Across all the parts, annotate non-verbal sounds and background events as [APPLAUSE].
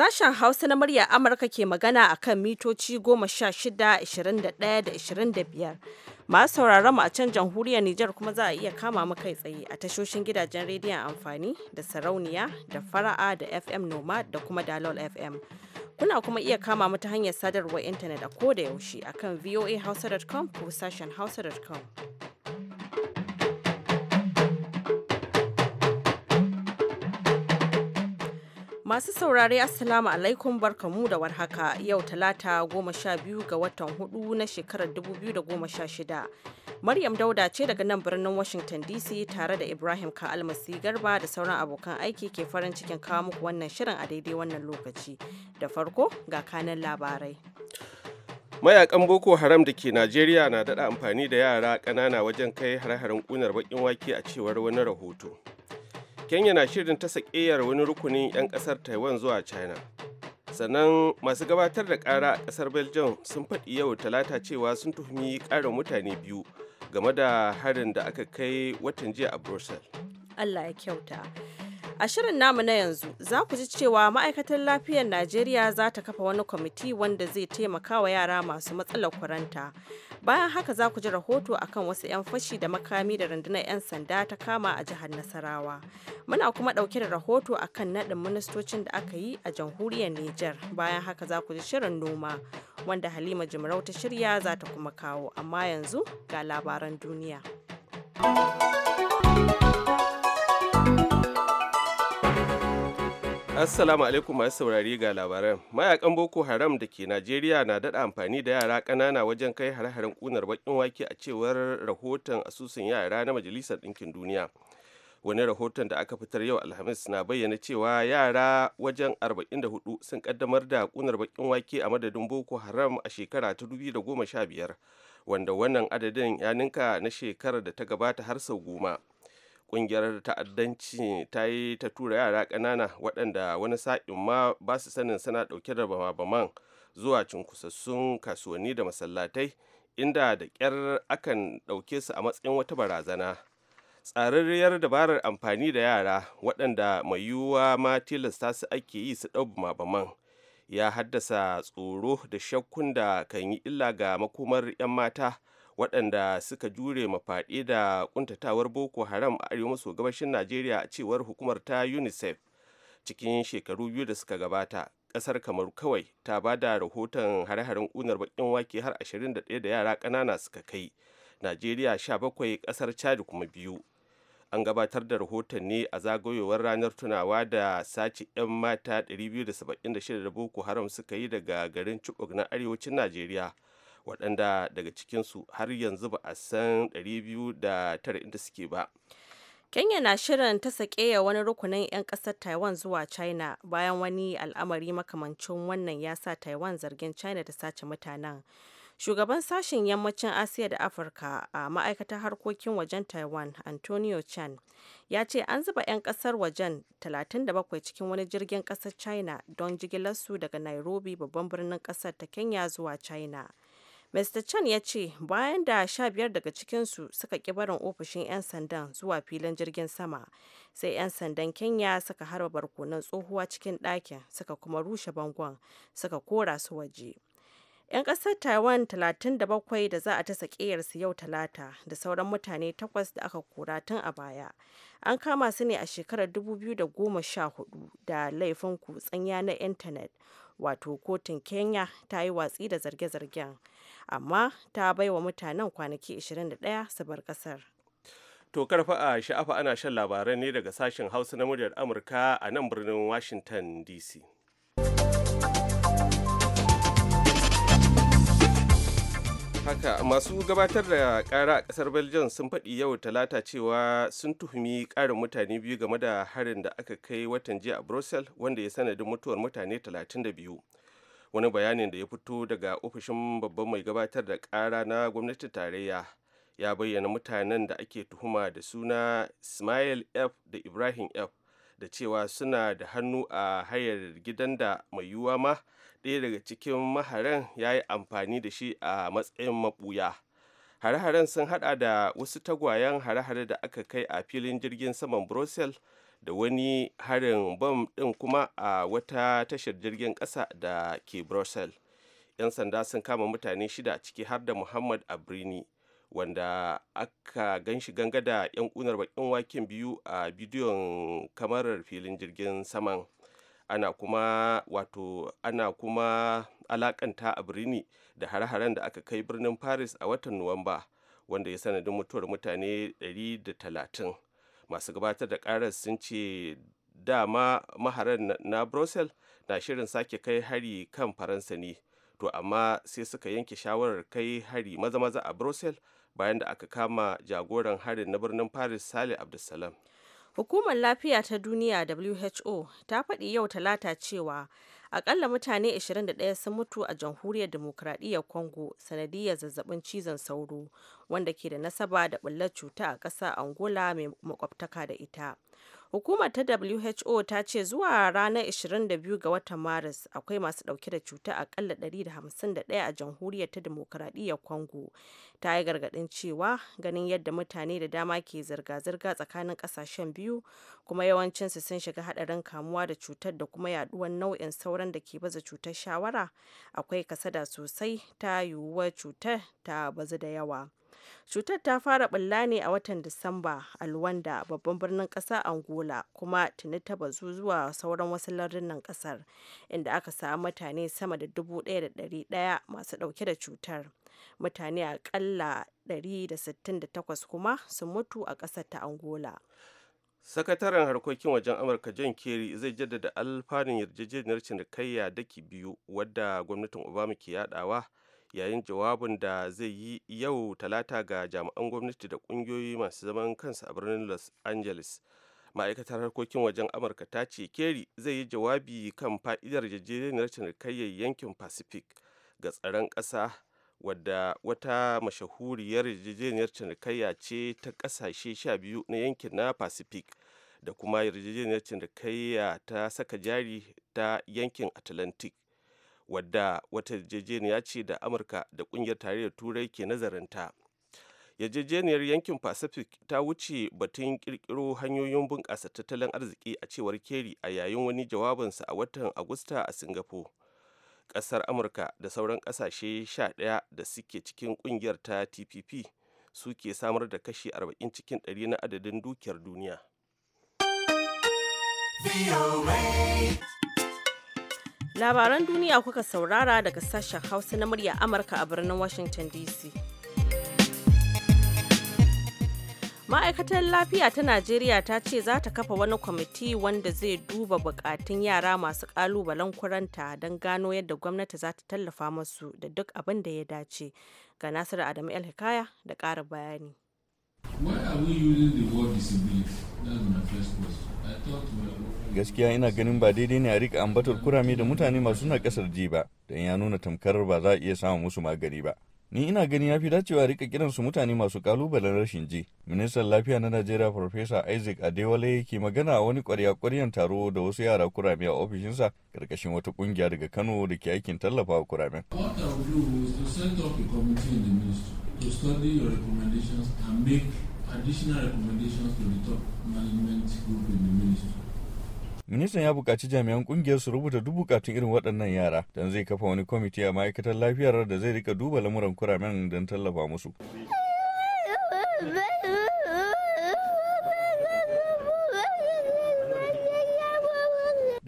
Sashen Hausa na murya Amurka ke magana a kan mitoci 16, 21 da 25. Masu sauraron mu a can jamhuriyar Nijar kuma za a iya kama mu kai tsaye a tashoshin gidajen rediyon amfani da sarauniya da fara'a da FM Noma da kuma Dalol FM. Kuna kuma iya kama mu ta hanyar sadarwar intanet a koda yaushe akan voahausa.com ko sashen hausa.com. Masu saurare Assalamu alaikum barkamu da warhaka yau talata goma sha biyu ga watan hudu na shekarar dubu biyu da goma sha shida Maryam Dauda ce daga nan birnin Washington DC tare da Ibrahim Ka'almasi Garba da sauran abokan aiki ke farin cikin kawo muku wannan shirin a daidai wannan lokaci. Da farko ga kanan labarai. Mayakan Boko Haram da ke Najeriya na daɗa amfani da yara ƙanana wajen kai har-haren ƙunar baƙin wake a cewar wani rahoto. kenya na shirin ta sakeyar wani rukunin 'yan kasar taiwan zuwa china sannan masu gabatar da kara a kasar belgium sun faɗi yau talata cewa sun tuhumi ƙarin mutane biyu game da harin da aka kai watan jiya a brussels allah ya kyauta A shirin namu na yanzu za ku ji cewa ma'aikatar lafiyar Najeriya za ta kafa wani kwamiti wanda zai taimaka wa yara masu matsalar kuranta. Bayan haka za ku ji rahoto akan wasu 'yan fashi da makami da rundunar 'yan sanda ta kama a jihar Nasarawa. Muna kuma ɗauke da rahoto akan naɗin ministocin da aka yi a jamhuriyar Nijar. Bayan haka za ku ji shirin noma wanda Halima Jimarau ta shirya za ta kuma kawo. Amma yanzu ga labaran duniya. Assalamu alaikum masu saurari ga labaran. Mayakan Boko Haram da ke Najeriya na daɗa amfani da yara ƙanana wajen kai hare-haren ƙunar baƙin wake a cewar rahoton asusun yara na Majalisar Ɗinkin Duniya. Wani rahoton da aka fitar yau Alhamis na bayyana cewa yara wajen 44 sun kaddamar da ƙunar baƙin wake a madadin Boko Haram a shekara ta 2015, wanda wannan adadin ya ninka na shekarar da ta gabata har sau goma. kungiyar ta'addanci ta yi ta tura yara ƙanana waɗanda wani sa'in ma ba su sanin suna ɗauke da bama-baman zuwa cunkusassun kasuwanni da masallatai inda da ƙyar akan ɗauke su a matsayin wata barazana tsararriyar dabarar amfani da yara waɗanda mai yiwuwa ma tilasta su ake yi su ɗau bama-baman ya haddasa tsoro da shakkun da kan yi illa ga makomar 'yan mata waɗanda suka jure mafaɗi da ƙuntatawar boko haram a arewa maso gabashin najeriya a cewar hukumar ta unicef cikin shekaru biyu da suka gabata ƙasar kamar kawai ta ba da rahoton hare-haren ƙunar baƙin wake har 21 da yara ƙanana suka kai najeriya 17 ƙasar chad kuma biyu an gabatar da rahoton ne a zagayowar ranar tunawa da sace 'yan mata 276 da boko haram suka yi daga garin chibok na arewacin najeriya waɗanda daga cikinsu har yanzu ba a san 209 inda suke ba kenya na shirin ta sake ya wani rukunin 'yan ƙasar taiwan zuwa china bayan wani al'amari makamancin wannan ya sa taiwan zargin china da sace mutanen shugaban sashen yammacin asiya da afirka a ma'aikatar harkokin wajen taiwan antonio chan ya ce an zuba 'yan ƙasar wajen 37 cikin wani jirgin kasar china don jigilarsu daga nairobi babban birnin ƙasar ta kenya zuwa china Mr. Chan ya ce bayan da sha biyar daga cikinsu suka ƙi barin ofishin 'yan sandan zuwa filin jirgin sama sai 'yan sandan Kenya suka harba barkonan tsohuwa cikin ɗakin suka kuma rushe bangon suka kora su waje. 'Yan ƙasar Taiwan 37 da za a ta sakiyarsu yau talata da sauran mutane takwas da aka kora tun a baya. An kama su ne a shekarar 2014 da laifin kutsen yanar intanet wato kotun Kenya ta yi watsi da zarge-zargen. amma ta bai wa mutanen kwanaki 21 su bar kasar. To karfa a sha'afa ana shan labarai ne daga sashen Hausa na muryar Amurka a nan birnin Washington DC. haka masu gabatar da kara a kasar belgium sun faɗi yau talata cewa sun tuhumi ƙarin mutane biyu game da harin da aka kai watan jiya a brussels wanda ya sanadin mutuwar mutane 32 wani bayanin da ya fito daga ofishin babban mai gabatar da ƙara na gwamnatin tarayya ya bayyana mutanen da ake tuhuma da suna ismail f da ibrahim f da cewa suna da hannu a hayar gidan da mai yiwuwa ma ɗaya daga cikin maharan ya yi amfani da shi a matsayin mabuya hare-haren sun hada da wasu tagwayen hare-hare da aka kai a filin jirgin saman brussels da wani harin bom ɗin kuma a wata tashar jirgin ƙasa da ke brussels 'yan sanda sun kama mutane shida ciki har da muhammad abrini wanda aka ganshi ganga da 'yan kunar bakin waken biyu a bidiyon kamarar filin jirgin saman ana kuma wato ana kuma alakanta a birni da hare-haren da aka kai birnin paris a watan nuwamba wanda ya sanadin mutuwar mutane 130 masu gabatar da karar sun ce dama maharan na brussels na shirin sake kai hari kan faransa ne to amma sai suka yanke shawarar kai hari maza-maza a brussels bayan da aka kama jagoran harin na birnin paris salih abdulsalam Hukumar Lafiya ta Duniya WHO ta faɗi yau Talata cewa akalla mutane 21 sun mutu a jamhuriyar demokradiyyar Congo sanadiyar zazzabin cizon sauro wanda ke da nasaba da bullar cuta a ƙasa Angola mai makwabtaka da ita. Hukumar ta WHO ta ce zuwa ranar 22 ga watan Maris akwai masu dauke da cuta akalla 151 a jamhuriyar ta demokradiyyar Congo. Ta yi gargadin cewa ganin yadda mutane da dama ke zirga-zirga tsakanin ƙasashen biyu kuma yawancinsu sun shiga haɗarin kamuwa da cutar da kuma yaɗuwar nau'in sauran da ke baza cutar shawara akwai kasada sosai ta yiwuwar cutar ta bazu da yawa. Cutar ta fara bulla ne a watan Disamba a Luwanda, babban birnin kasa Angola, kuma tuni ta bazu zuwa sauran wasu lardunan kasar inda aka samu mutane sama da dubu da 1,100 masu dauke da cutar. Mutane da 168 kuma sun mutu a ƙasar ta Angola. sakataren harkokin wajen amurka john kerry zai jaddada alfanun yarjejeniyar cinikayya daki biyu wadda gwamnatin obama ke yadawa yayin jawabin da zai yi yau talata ga jami'an gwamnati da kungiyoyi masu zaman kansa a birnin los angeles ma'aikatar harkokin wajen amurka ta ce kerry zai yi jawabi kan fa'idar yarjejeniyar cinikayyar yankin pacific ga tsaron ƙasa wadda wata mashahuriyar yarjejeniyar cinikayya ce ta ƙasashe 12 na yankin na pacific da kuma yarjejeniyar cinikayya ta saka jari ta yankin atlantic wadda wata yarjejeniya ce da amurka da kungiyar tarayyar turai ke nazarinta yarjejeniyar yankin pacific ta wuce batun kirkiro hanyoyin bunƙasa tattalin arziki a cewar keri a yayin wani jawabinsa a watan agusta a singapore ƙasar amurka da sauran ƙasashe 11 da suke cikin kungiyar ta tpp suke samar da kashi 40 cikin 100 na adadin dukiyar duniya. Labaran duniya kuka saurara daga sashen Hausa na murya Amurka a birnin Washington DC. ma'aikatar lafiya ta najeriya ta ce za ta kafa wani kwamiti wanda zai duba bukatun yara masu kalubalen kuranta don gano yadda gwamnati za ta tallafa masu da duk abin da ya dace ga nasiru adamu el hikaya da ƙara bayani why are we using the word disability that's my first question i thought we were gaskiya ina ganin ba daidai ne a rika ambatar kurame da mutane masu na kasar ji ba don ya nuna tamkar ba za a iya samun musu magani ba ni ina gani ya fi dacewa rika kiransu mutane masu kalubalen rashin ji ministan lafiya na najeriya farfesa isaac adewale yake magana a wani kwarya kwaryan taro da wasu yara kurame a ofishinsa karkashin wata kungiya daga kano da ke aikin tallafa wa additional recommendations to the top management group in the ministry. Ministan ya buƙaci jami'an ƙungiyar su rubuta duk bukatun irin waɗannan yara don zai kafa wani kwamiti a ma'aikatar lafiyar da zai rika duba lamuran kuramen don tallafa musu. [LAUGHS]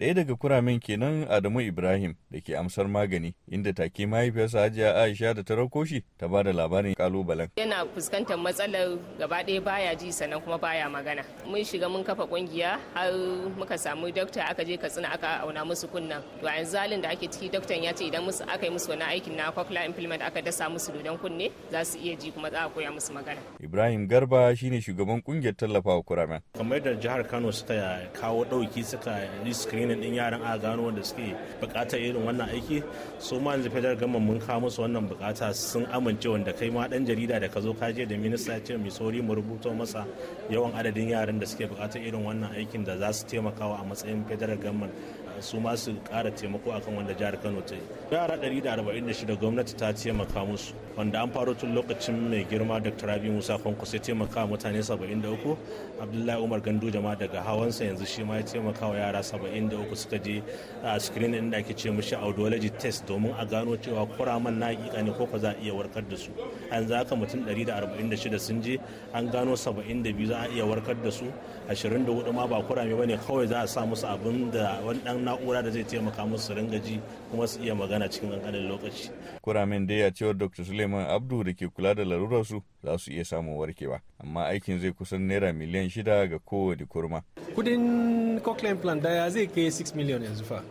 Ɗaya daga kuramen kenan Adamu Ibrahim da ke amsar magani inda take mahaifiyarsa Hajiya Aisha da ta rauko shi ta ba da labarin kalubalen. Yana fuskantar matsalar gaba ɗaya baya ji sannan kuma baya magana. Mun shiga mun kafa kungiya har muka samu dokta aka je Katsina aka auna musu kunnan. To a yanzu da ake ciki doktan ya ce idan musu aka yi musu wani aikin na cochlear implant aka dasa musu dodon kunne za su iya ji kuma za a koya musu magana. Ibrahim Garba shi ne shugaban kungiyar tallafawa kuramen. Kamar da jihar Kano suka kawo ɗauki suka yi training din yaran a gano wanda suke bukatar irin wannan aiki su ma yanzu federal government mun kawo musu wannan bukata sun amince wanda kai ma dan jarida da ka zo ka je da minista ce mai sauri mu rubuto masa yawan adadin yaran da suke bukatar irin wannan aikin da za su taimakawa a matsayin federal government su ma su kara taimako akan wanda jihar Kano ta yi. Yara 146 gwamnati ta taimaka musu wanda an faro tun lokacin mai girma Dr. Rabi Musa Kwanko sai taimaka mutane 73 Abdullahi Umar Gandu jama daga hawansa yanzu shi ma ya taimaka wa yara 73 suka je a screen inda ake ce mishi audiology test domin a gano cewa kuraman na hakika ne ko za a iya warkar da su. An za ka mutum 146 sun je an gano 72 za a iya warkar da su 24 ma ba kurame bane kawai za a sa musu abin da wani dan na'ura da zai taimaka musu su ringa ji kuma su iya magana cikin ƙanƙanin lokaci kuramen da ya cewar dr suleiman abdu da ke kula da larurarsu za su iya samun warkewa amma aikin zai kusan naira miliyan shida ga kowane kurma kudin cochlear implant daya zai kai 6 miliyan yanzu fa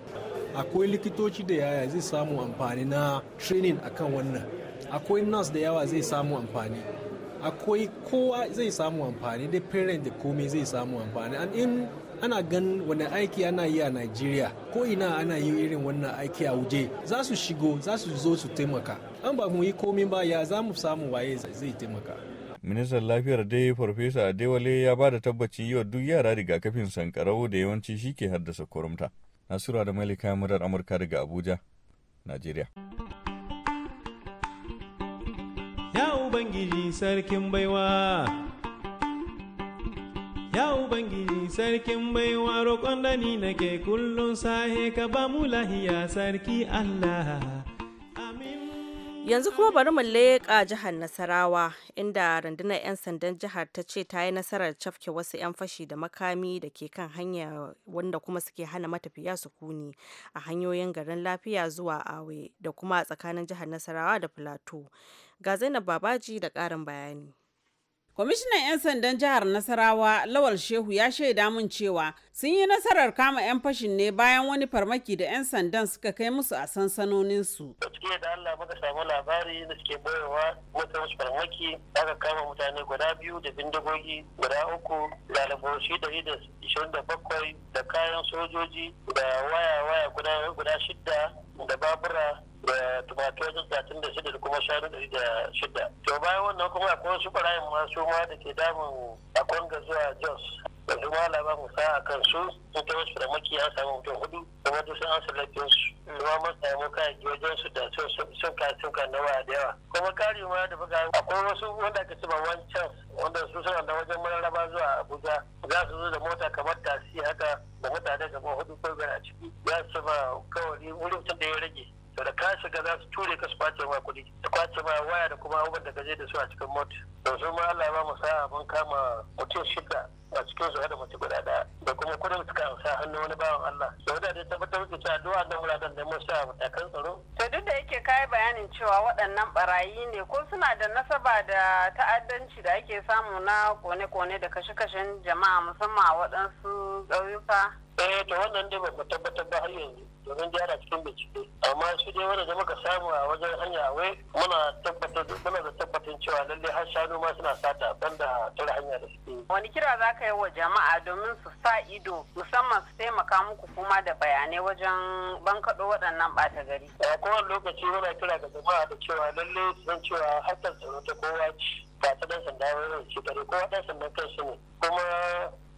akwai likitoci da yaya zai samu amfani na training akan wannan akwai nurse da yawa zai samu amfani akwai kowa zai samu amfani da parent da komai zai samu amfani and in ana gan wani aiki ana yi a Najeriya ko ina ana yi irin wannan aiki a waje za su shigo za su zo su taimaka an ba mu yi komai ba ya za mu samu waye zai taimaka ministan lafiyar dai farfesa adewale ya ba da tabbacin yi wa duk yara rigakafin sankarau da yawanci shi ke haddasa kurumta nasura da malika murar amurka daga abuja najeriya Ubangiji sarkin baiwa. Ya Ubangiji sarkin baiwa roƙon da ni nake kullum sahe ka ba mu lahiya sarki Allah. Yanzu kuma bari mu leƙa jihar Nasarawa inda rundunar 'yan sandan jihar ta ce ta yi nasarar cafke wasu 'yan fashi da makami da ke kan hanya wanda kuma suke hana matafiya sukuni a hanyoyin garin lafiya zuwa awe da kuma a tsakanin jihar Nasarawa da Plateau. Ga Zainab Babaji da ƙarin bayani. Kwamishinan 'yan sandan jihar Nasarawa Lawal Shehu ya shaida mun cewa sun yi nasarar kama 'yan fashin ne bayan wani farmaki da 'yan sandan suka kai musu a sansanoninsu. Gaskiya da Allah muka samu labari da suke boyewa wata musu farmaki aka kama mutane guda biyu da bindigogi guda uku da laboshi da da bakwai da kayan sojoji da waya waya guda shidda da babura da tumatur talatin da shanu ɗari da shida to bayan wannan kuma akwai wasu ɓarayin masu ma da ke damun a kwanga zuwa jos da su ma labar musa a kansu sun ta wasu ramaki an samu mutum hudu kuma duk sun ansa lafiyar su mm. kuma mun samu kayayyaki wajen su da sun ka sun ka nawa da yawa kuma kari ma da buga akwai wasu wanda ake cewa one chance wanda su suna da wajen mararraba zuwa abuja za su zo da mota kamar tasi haka da mutane gaba hudu ko biyar a ciki za su ba kawai wurin da ya rage to da ka shiga za su ture ka su kwace ma kuɗi da kwace ma waya da kuma abubuwan da ka je da su a cikin mota to su ma Allah ya ba mu sa'a mun kama mutum shida a cikin su da mace guda ɗaya da kuma kuɗin suka sa hannu wani bawan Allah da wadda da tabbatar da cewa duk wannan wuraren da mun sa matakan tsaro. to duk da yake kayi bayanin cewa waɗannan barayi ne ko suna da nasaba da ta'addanci da ake samu na kone-kone da kashe-kashen jama'a musamman a waɗansu ƙauyuka. eh to wannan dai ba mu tabbatar ba har yanzu domin gyara cikin bincike wanda da muka samu a wajen hanya wai muna tabbatar muna da tabbatin cewa lalle har shanu ma suna sata banda tare hanya da suke wani kira za ka yi wa jama'a domin su sa ido musamman su taimaka muku kuma da bayanai wajen bankaɗo waɗannan ɓata gari a kowane lokaci muna kira ga jama'a da cewa lalle su cewa harkar tsaro ta kowa ce ba ta ɗan sanda wani ce ko ɗan sandan kansu ne kuma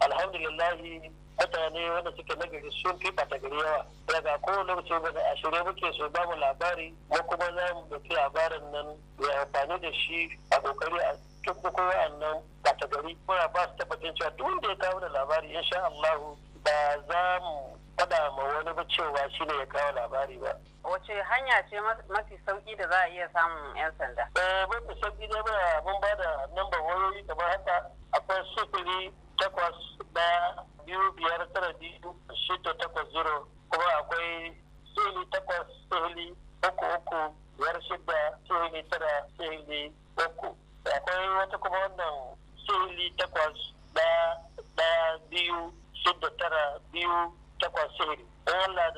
alhamdulillahi mutane wanda suke gari sun fi bata gari yawa daga kowane lokaci ba a shirye muke su ba mu labari ko kuma za mu dauki labarin nan ya amfani da shi a kokari a tukkuku wa'annan bata gari muna ba su tabbatin cewa duk wanda ya kawo da labari insha Allahu ba za mu faɗa ma wani ba cewa shi ne ya kawo labari ba. Wace hanya ce mafi sauki da za a iya samun 'yan sanda? Eh, mafi sauki ne ba mun ba da nambar wayoyi kamar haka akwai sufuri takwas ɗaya biyu zero kuma akwai sihili takwas sihili uku uku biyar shida sihili tara sihili uku akwai wata kuma wannan sihili takwas ɗaya biyu shida tara biyu takwas sihili da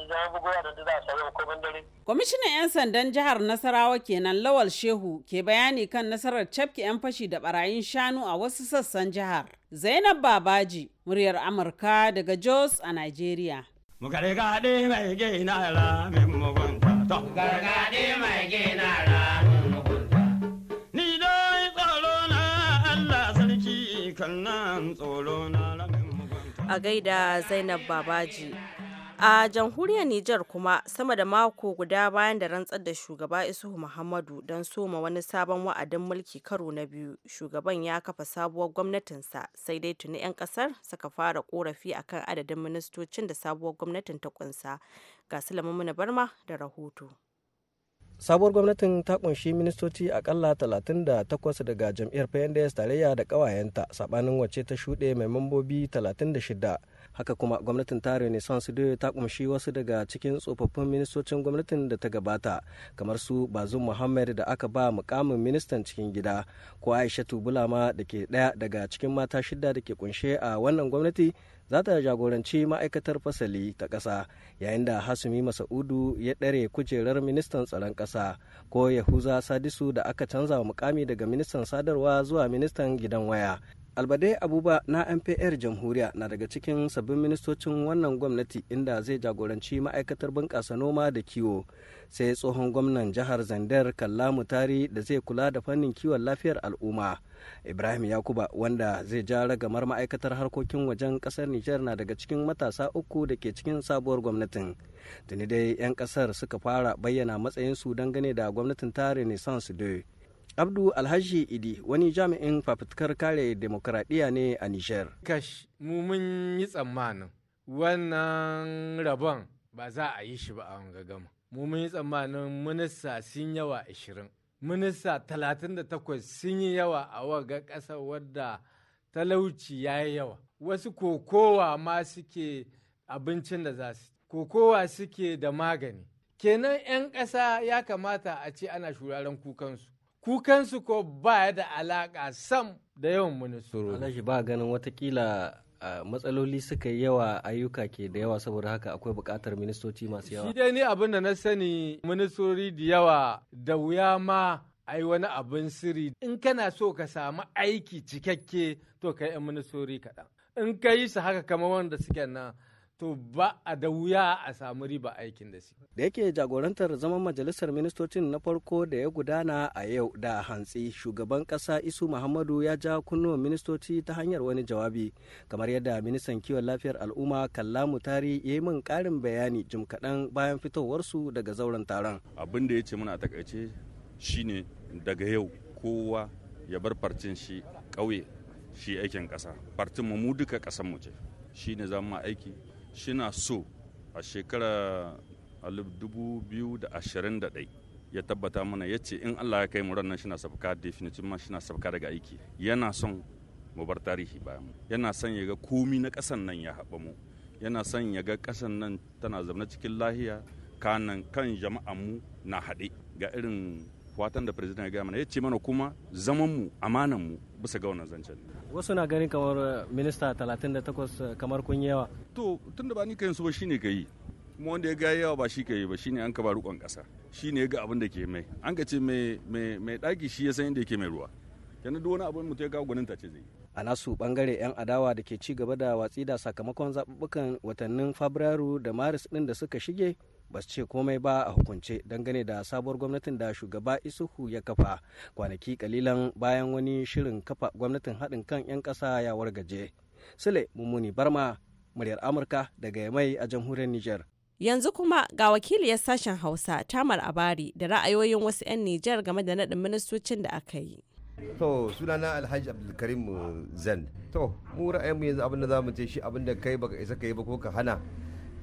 zama da samu dare. Kwamishinan 'yan sandan jihar Nasarawa kenan Lawal Shehu ke bayani kan nasarar cafke 'yan fashi da barayin shanu a wasu sassan jihar. Zainab Babaji, muryar Amurka daga Jos a nigeria. Gargaɗi mai gina la ramin mugunta. Gargaɗi mai gina la ramin mugunta. Ni dai tsoro na Allah sarki kan nan tsoro na la ramin mugunta. A gaida Zainab Babaji. A jamhuriyar Nijar kuma sama da mako guda bayan da rantsar da shugaba Isuhu Muhammadu don soma wani sabon wa'adin mulki karo na biyu, shugaban ya kafa sabuwar gwamnatinsa sai dai tuni 'yan kasar suka fara korafi akan adadin ministocin da sabuwar gwamnatin ta kunsa. Ga Sulaiman Barma da rahoto. sabuwar gwamnatin ta kunshi ministoci akalla 38 daga jam'iyyar pnds tarayya da kawayenta sabanin wace ta shuɗe mai mambobi 36 haka kuma gwamnatin ta renaissance day ta kunshi wasu daga cikin tsofaffin ministocin gwamnatin da ta gabata kamar su bazum muhammad da aka ba mukamin ministan cikin gida ko aisha tubulama da ke ɗaya daga cikin mata shida da ke kunshe a wannan gwamnati za ta jagoranci ma'aikatar fasali ta ƙasa yayin da hasumi masa'udu ya ɗare kujerar ministan tsaron ƙasa ko yahuza sadisu da aka canza wa mukami daga ministan sadarwa zuwa ministan gidan waya albade abuba na mpr jamhuriya na daga cikin sabbin ministocin wannan gwamnati inda zai jagoranci ma'aikatar bunƙasa noma da kiwo sai tsohon gwamnan jihar zandar kalla tari da zai kula da fannin kiwon lafiyar al'umma ibrahim yakuba wanda zai ja ragamar ma'aikatar harkokin wajen kasar nijar na daga cikin matasa uku da ke cikin sabuwar gwamnatin tuni dai 'yan kasar suka fara bayyana matsayinsu gane da gwamnatin ta renaissance 2 abdu alhaji idi wani jami'in fafutukar kare demokradiyya ne a nijar kash mu mun yi tsammanin wannan rabon ba za a yi shi ba a gama mu mun yi tsammanin minista sun yawa 20 minista 38 sun yi yawa a waga ƙasa wadda talauci ya yi yawa wasu kokowa ma suke abincin da za su kokowa suke da magani kenan 'yan ƙasa ya kamata a ce ana shuraren kukansu kukansu ko ba da alaƙa sam da yawan ministoro. ba ganin watakila matsaloli suka yi yawa ayyuka ke da yawa saboda haka akwai bukatar ministoci masu yawa. Shi dai ni abin da na sani ministori da yawa da wuya ma ai wani abin sirri in kana so ka samu aiki cikakke to ka yi ministori kaɗan. In ka yi su haka kamar wanda suke nan to ba a da wuya a samu riba aikin da su. Da yake jagorantar zaman majalisar ministocin na farko da ya gudana a yau da hantsi shugaban kasa Isu Muhammadu ya ja kunnuwan ministoci ta hanyar wani jawabi kamar yadda ministan kiwon lafiyar al'umma Kalla Mutari ya yi min karin bayani jim kaɗan bayan fitowarsu daga zauren taron. Abin da ya ce muna takaice shine daga yau kowa ya bar farcin shi ƙauye shi aikin ƙasa. Farcin mu duka ƙasan mu ce. Shi ne zama aiki shina so a shekara 2021 ya tabbata mana ya ce in Allah ya kai mu ranar shina sabka definitin ma shina sabka daga aiki yana son mu bar tarihi bayan mu yana son ya ga komi na kasan nan ya haɓa mu yana son ya ga kasan nan tana zaune cikin lahiya kanan kan jama'an mu na haɗe ga irin fatan da president ya gaya mana ya ce mana kuma zaman mu amanan mu bisa ga wannan zancen wasu na ganin kamar eh, minista 38 eh, kamar kun yawa to tunda ba ni kai su ba shine kai kuma wanda ya ga yawa ba shi kai ba shine an ka ba rukon kasa shine ya ga abin da ke mai an ka ce mai mai mai daki shi ya san inda yake mai ruwa kenan duk wani abin mutum ya ga gwaninta ce zai a nasu bangare 'yan adawa da ke ci gaba da watsi da sakamakon zaɓuɓɓukan watannin fabrairu da maris ɗin da suka shige ba ce komai ba a hukunce dangane da sabuwar gwamnatin da shugaba isuhu ya kafa kwanaki kalilan bayan wani shirin kafa gwamnatin haɗin kan 'yan ƙasa ya wargaje sule mummuni barma muryar amurka daga mai a jamhuriyar niger yanzu kuma ga wakiliyar sashen hausa tamar abari da ra'ayoyin wasu 'yan niger game da naɗin ministocin da aka yi to sunana alhaji abdulkarim zan to mu ra'ayinmu yanzu abin da za mu ce shi abin da kai baka isa ka yi ba ko ka hana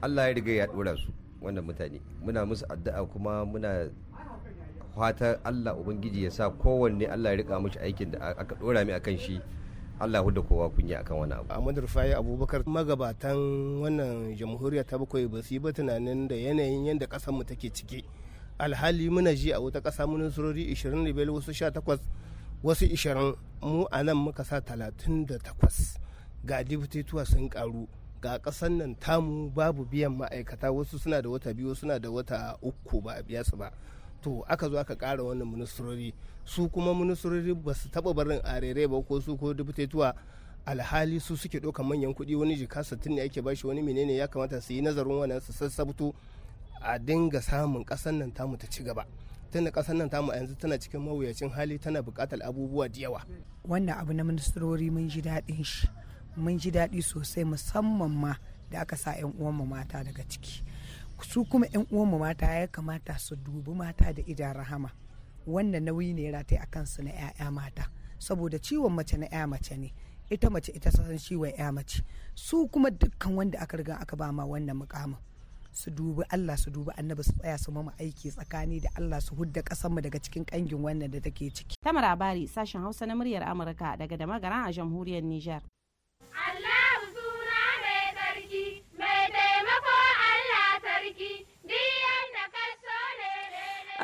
allah ya riga ya ɗora su wannan mutane muna musu addu'a kuma muna fata Allah ubangiji ya sa kowanne Allah ya rika mushi aikin da aka dora mi akan shi Allah hudu kowa kunya akan wani abu. Ahmad Rufai Abubakar magabatan wannan jamhuriya ta bakwai ba su yi ba tunanin da yanayin yadda kasar mu take ciki. Alhali muna ji a wata ƙasa mun surori 20 libel wasu 18 wasu 20 mu a nan muka sa 38 ga tuwa sun karu ga ƙasan nan tamu babu biyan ma'aikata wasu suna da wata biyu suna da wata uku ba a biya su ba to aka zo aka ƙara wannan ministrori su kuma ministrori ba su taɓa barin arere ba ko su ko dubutetuwa alhali su suke ɗauka manyan kuɗi wani jika sittin ne ake shi wani menene ya kamata su yi nazarin wannan su sassabto a dinga samun ƙasan nan tamu ta ci gaba tunda ƙasar nan tamu a yanzu tana cikin mawuyacin hali tana buƙatar abubuwa da yawa wannan abu na ministrori mun ji daɗin shi mun ji daɗi sosai musamman ma da aka sa 'yan uwanmu mata daga ciki su kuma 'yan uwanmu mata ya kamata su dubi mata da idan rahama wannan nauyi ne rataye a kansu na 'ya'ya mata saboda ciwon mace na 'ya mace ne ita mace ita san ciwon 'ya mace su kuma dukkan wanda aka riga aka ba ma wannan mukamin su dubi Allah su dubi annabi su tsaya su mama aiki tsakani da Allah su hudda kasanmu daga cikin kangin wannan da take ciki. Tamar Abari sashen Hausa na muryar Amurka daga damagaran a jamhuriyar Nijar.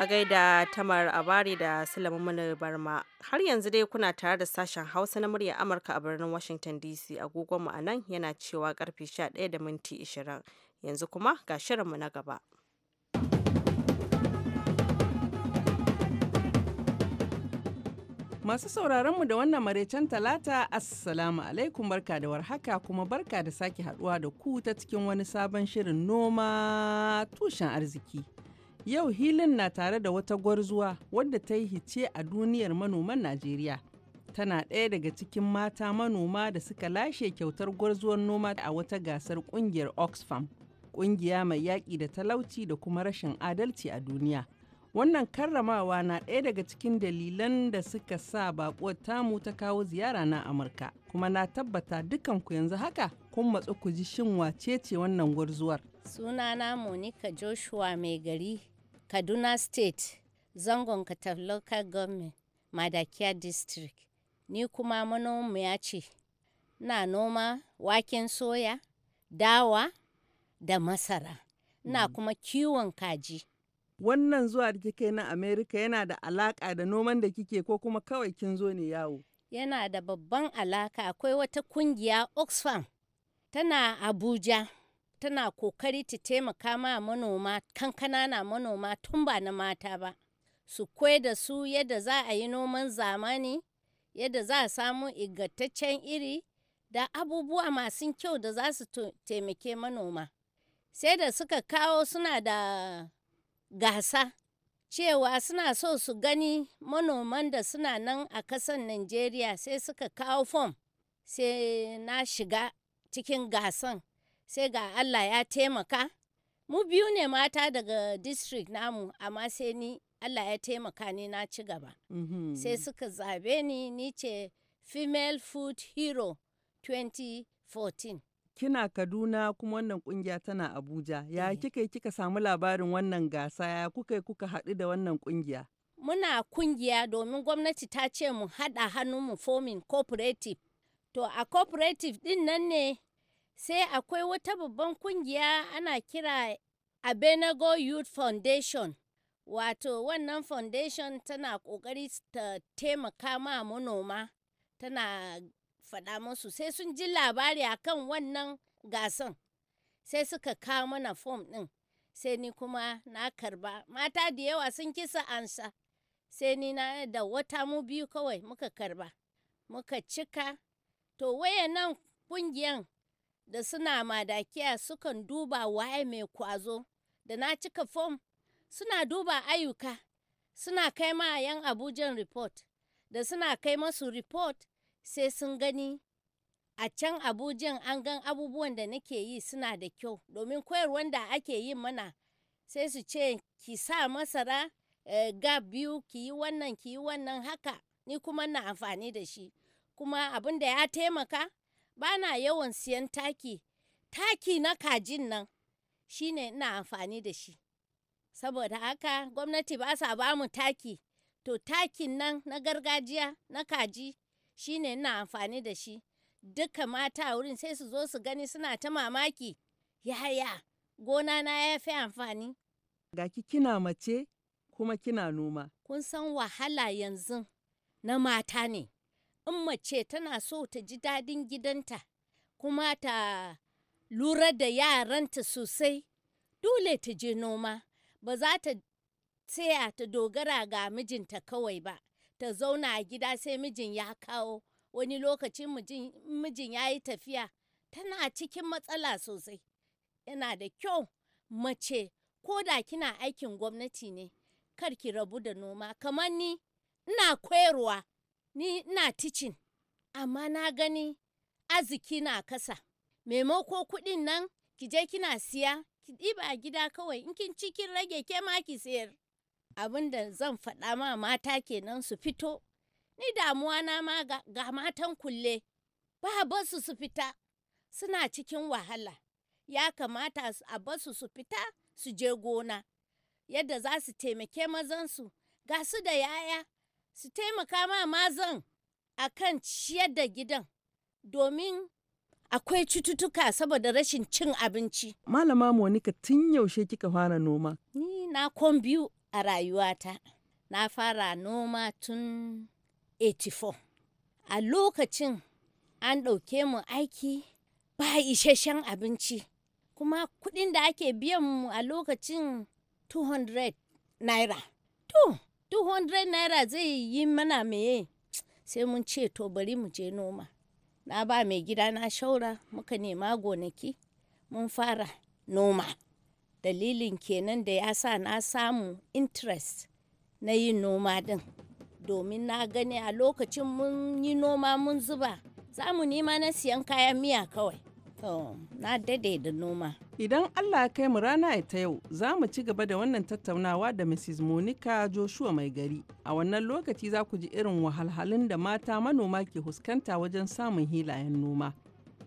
a gaida tamar abari da sulaiman barma har yanzu dai kuna tare da sashen hausa na murya amurka a birnin washington dc agogon mu a nan yana cewa karfe 11 da minti 20 yanzu kuma ga shirinmu na gaba Masu sauraron mu da wannan maraicen talata Assalamu alaikum barka da warhaka kuma barka da sake haduwa da ku ta cikin wani sabon shirin noma tushen arziki. Yau hilin na tare da wata gwarzuwa wadda ta yi hice a duniyar manoman Najeriya. Tana ɗaya daga cikin mata manoma da suka lashe kyautar gwarzuwar noma a wata gasar ƙungiyar Oxfam, ƙungiya mai yaƙi da talauci da kuma rashin adalci a duniya. Wannan karramawa na ɗaya daga cikin dalilan da suka sa baƙuwar tamu ta kawo ziyara na Amurka, kuma na tabbata dukanku yanzu haka kun matsu ku ji shin wace ce wannan gwarzuwar. Sunana Monica Joshua mai gari, Kaduna State, zangon Katar Local Government, Madakiya District. Ni kuma ya ce, na noma waken soya, dawa da masara, na mm. kuma kiwon kaji. wannan zuwa da kike na Amerika yana da alaka da noman da kike ko kuma kawai kin zo ne yawo? Yana da babban alaka akwai wata kungiya Oxfam tana Abuja tana kokari ta taimaka ma manoma kankana na manoma tun ba na mata ba su kwai da su yadda za a yi noman zamani yadda za a samu ingantaccen iri da abubuwa masu kyau da za su taimake manoma sai da suka kawo suna da gasa cewa suna so su gani manoman da suna nan a kasan Najeriya sai suka kawo fom sai na shiga cikin gasan sai ga Allah ya taimaka. Mu biyu ne mata daga district namu amma sai ni Allah ya taimaka ni na ci gaba. Mm -hmm. Sai suka zabe ni ni ce Female Food Hero 2014. kina Kaduna kuma wannan kungiya tana Abuja. Ya eh. kika kika samu labarin wannan gasa ya kuka kuka haɗu da wannan kungiya? Muna kungiya domin gwamnati ta ce mu haɗa hannu mu fomin cooperative. To a cooperative ɗin nan ne sai akwai wata babban kungiya ana kira Abenago Youth Foundation. Wato wannan foundation tana ƙoƙari ta taimaka ma manoma, tana faɗa musu sai sun ji labari a kan wannan gasan sai suka kawo mana fom ɗin sai ni kuma na karba mata da yawa sun kisa ansa sai ni na da wata mu biyu kawai muka karba muka cika to nan kungiyan da suna madakiya sukan duba waye mai kwazo da na cika fom suna duba ayyuka suna kai ma yan abujan report da suna kai masu report sai sun gani a can abujan an gan abubuwan da nake yi suna da kyau domin koyarwar da ake yi mana sai su ce ki sa masara gab eh, ga biyu ki yi wannan ki yi wannan haka ni kuma na amfani da shi kuma abin da ya taimaka ba na yawan siyan taki taki na kajin nan shine ina amfani da shi saboda haka gwamnati ba sa ba mu taki to takin nan na gargajiya na kaji shine ina amfani da shi duka mata wurin sai su zo su gani suna ta mamaki yaya gona na ya fi amfani ga kina mace kuma kina noma kun san wahala yanzu na mata ne in mace tana so ta ji dadin gidanta kuma ta lura da yaranta sosai dole ta je noma ba za ta tsaya ta dogara ga mijinta kawai ba ta zauna a gida sai mijin ya kawo wani lokacin mijin ya yi tafiya tana cikin matsala sosai yana da kyau mace ko da kina aikin gwamnati ne kar ki rabu da noma kamar ni ina koyarwa ni ina ticin amma na gani arziki na kasa maimako kuɗin nan ki je kina siya ki ɗiba a gida kawai in kin cikin rage ke ma ki sayar abin da zan faɗa ma mata kenan su fito ni damuwa na ma ga matan kulle ba basu su fita suna cikin wahala ya kamata a basu su fita su je gona yadda za su taimake mazansu ga su da yaya su taimaka ma mazan a kan ciyar da gidan domin akwai cututtuka saboda rashin cin abinci. Malama Monika tun yaushe kika fara noma? Ni na kon biyu a rayuwata. Na fara noma tun 84. A lokacin an ɗauke mu aiki ba isasshen abinci, kuma kuɗin da ake biyan mu a lokacin 200 naira. To, 200 naira zai yi mana meye sai mun ce to bari mu je noma. Na ba mai gida na shaura muka nema gonaki mun fara noma. dalilin kenan da ya sa na samu interest na yin noma din domin na gani a lokacin mun yi noma mun zuba za mu nema na siyan kayan miya kawai na dade da noma. Idan Allah kai mu rana ta yau, za mu ci gaba da wannan tattaunawa da Mrs. Monica Joshua mai gari. A wannan lokaci za ku ji irin wahalhalun da mata manoma ke fuskanta wajen samun hilayen noma.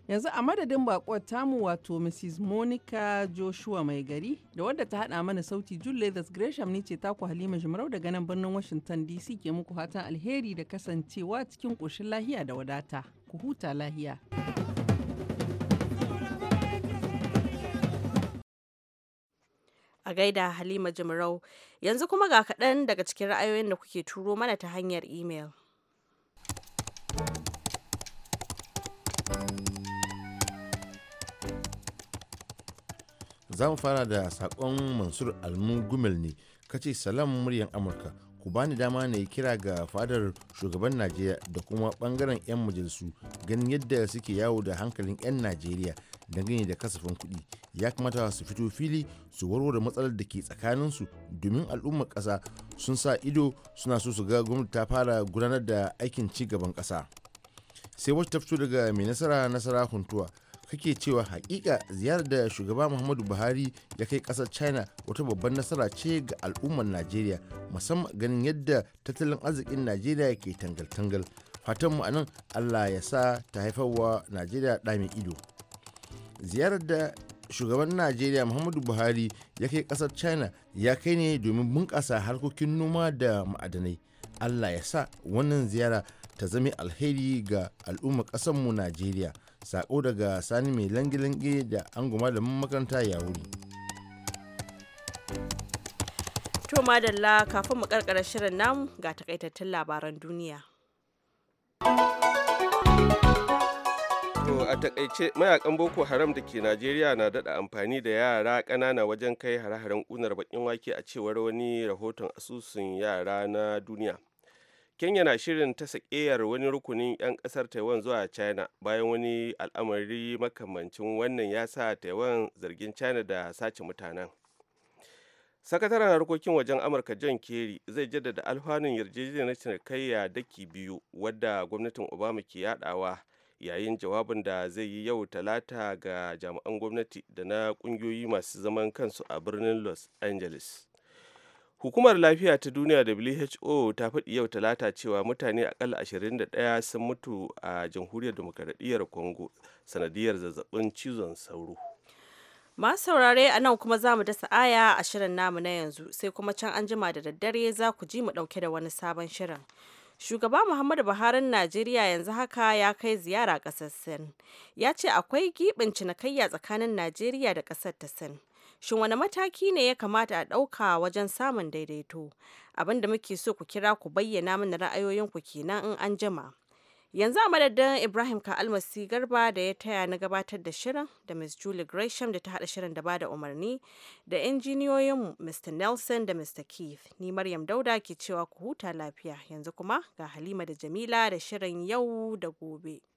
Yanzu a madadin bakuwar tamu wato Mrs. Monica Joshua mai gari da wadda ta hada mana sauti June Leathers Gresham ni ce taku Halima Jimarau daga nan birnin Washington DC ke muku hatan alheri da kasancewa cikin koshin lahiya da wadata. Ku huta lahiya. A gaida Halima Jimarau, yanzu kuma ga kaɗan daga cikin ra'ayoyin da kuke turo mana ta hanyar imel. za mu fara da sakon mansur almu gumel ne kace salam muryan amurka ku bani dama na yi kira ga fadar shugaban najeriya da kuma bangaren 'yan majalisu ganin yadda suke yawo da hankalin 'yan najeriya dangane da kasafin kuɗi ya kamata su fito fili su warware matsalar da ke tsakaninsu domin al'ummar ƙasa sun sa ido suna so su ga gwamnati ta fara gudanar da aikin ci gaban ƙasa sai wacce ta fito daga mai nasara nasara huntuwa kake cewa hakika ziyarar da shugaba muhammadu buhari ya kai kasar china wata babban nasara ce ga al'ummar najeriya musamman ganin yadda tattalin arzikin najeriya ke tangal-tangal fatanmu a nan allah ya sa ta haifarwa najeriya ɗa ido ziyarar da shugaban najeriya muhammadu buhari ya kai kasar china ya kai ne domin bunƙasa harkokin noma da ma'adanai allah ya sa wannan ziyara ta zama alheri ga al'ummar kasarmu najeriya sako daga sani mai langilangi da ango da makaranta ya wuri to madalla kafin mu karkara shirin namu ga takaitattun labaran duniya a takaice mayakan Boko Haram da ke Najeriya na dada amfani da yara ƙanana wajen kai hare-haren kunar bakin wake a cewar wani rahoton asusun yara na duniya. kenya na shirin ta sakeyar wani rukunin 'yan kasar taiwan zuwa china bayan wani al'amari makamancin wannan ya sa taiwan zargin china da sace mutanen sakataren harkokin wajen amurka john kerry zai jaddada alfanun yarjejeniyar cinikayya daki biyu wadda gwamnatin obama ke yadawa yayin jawabin da zai yi yau talata ga jami'an gwamnati da na kungiyoyi masu zaman kansu a birnin los angeles Hukumar Lafiya ta Duniya WHO ta faɗi yau talata cewa mutane akalla 21 sun mutu a jamhuriyar demokaradiyyar Congo sanadiyar zazzabin cizon sauro. Masu saurare a nan kuma za mu dasa aya a shirin namu na yanzu sai kuma can an jima da daddare za ku ji mu ɗauke da wani sabon shirin. Shugaba Muhammadu Buharin Najeriya yanzu haka ya kai ziyara ƙasar Sin. Ya ce akwai giɓin cinikayya tsakanin Najeriya da ƙasar ta Sin. shin wani mataki ne ya kamata a ɗauka wajen samun daidaito abin da muke so ku kira ku bayyana mana ra'ayoyinku kenan in an jima yanzu a madadin ibrahim almasi garba da ya taya na gabatar da shirin da ms julie gresham da ta haɗa shirin da bada umarni da injiniyoyin mr nelson da mr keith ni maryam dauda ke cewa ku huta lafiya yanzu kuma ga halima da jamila da shirin yau da gobe